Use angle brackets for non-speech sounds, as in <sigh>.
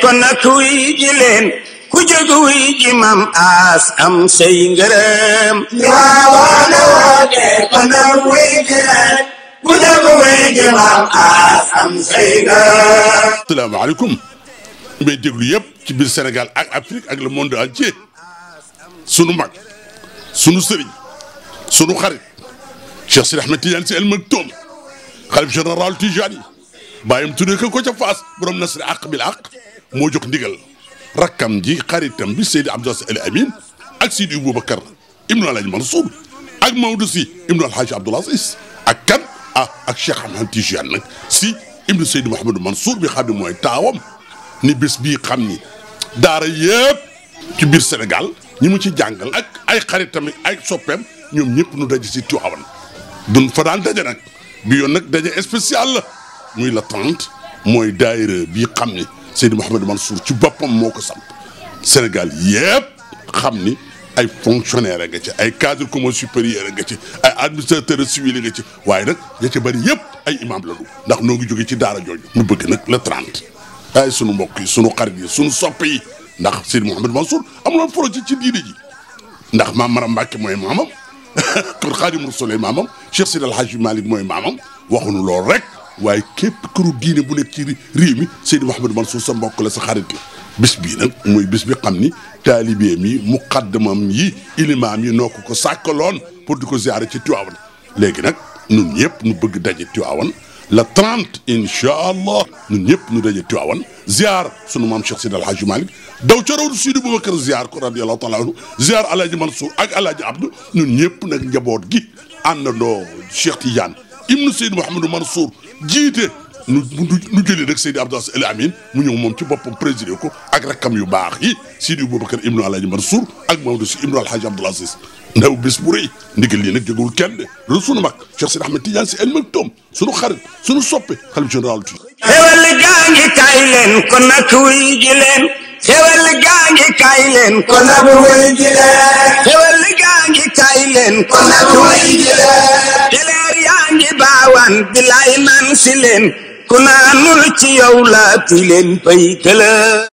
kon nag wuy ji ku jóg wuy aas am say ngërëm waawoona woote kon nag ku jóg wuy aas am say ngërëm asalaamaaleykum may déglu yëpp ci biir senegal ak Afrique ak le monde entier sunu mag sunu sëriñ sunu xarit Cheikh Sidi Ahmed Tidiane Sy Al Maktoum xalif général Tijani bàyyam tuddee ko ca Faas borom nasri àq bil àq moo jox ndigal rakkam ji xaritam bi Seydi Abdou Al Amin ak Seydi Boubacar Ibnu Alaaji Mansour ak Maodo Sy Ibnu Alaaji Abdoul Aziz ak kan ah ak Cheikh Ahmed Tidiane nag si Ibnu Seydi Mouhamadou Mansour bi xam mooy taawam ni bés bii xam ni daara yëpp ci biir Sénégal ñi mu ci jàngal ak ay xaritam ay soppeem ñoom ñëpp nu daje si Tiwaawan dun fa daje nag bi yoon nag daje spécial la muy la trente mooy daayira bi xam ni Seydi Mouhamed Mansour ci boppam moo ko samp Sénégal yëpp xam ni ay fonctionnaire nga ci ay cadre comme supérieur nga ci ay administrateur civil nga ci waaye nag nga ci bëri yëpp ay imam lañu ndax noo ngi jóge ci daara jooju ñu bëgg nag le 30 ay sunu mbokk yi sunu xarit yi sunu soppe yi ndax Seydi Mouhamed Mansour amuloon projet ci diine ji ndax ma Maram Mbacke mooy maamam <laughs> kon Xaadimu Rasuul maamam Cheikh Seydi El Hadji Malick mooy maamam waxuñu loolu rek waaye képp këru diine bu nekk ci réew mi Seydi Mouhamadou Mansour sa mbokk la sa xarit la bis bii nag muy bis bi xam ni taalibeem yi muqaddamam yi ilimaam yi noo ko ko sàkkaloon pour di ko ziare ci Tiwaawan léegi nag nu ñëpp ñu bëgg daje Tiwaawan la 30 incha allah ñun ñëpp ñu daje Tiwaawan ziar sunu maam Cheikh Seydi El Hadji Malick daw ca rawdu Seydi Boubacar ziar ko radiyallahu taala anhu ziar El ak El Hadji Abdou ñun ñëpp nag njaboot gi àndandoo Cheikh Tidiane. ibnu Seydou Mouhamadou Mansour jiite nu nu jëlee rek Seydou Abdou El Amin mu ñëw moom ci boppam présider ko ak rakkam yu baax yi Seydou Boubacar ibnu Alhaji Mansour ak Maodo si ibnu Alhaji Abdoul Aziz ndaw bés bu rëy ndigal lii nag jógewul kenn de loolu sunu mag Cheikh Sidi Ahmed Tidiane si El Maktoum sunu xarit sunu soppe xalif général tu xewal gaa ngi kaay leen kon nag wuy ji leen xewal gaa ngi kaay leen kon nag wuy ji leen leen kon nag mooy geleer yaa ngi baawaan bilaay naan si leen ku naanul ci yow laa tuy leen pay tëla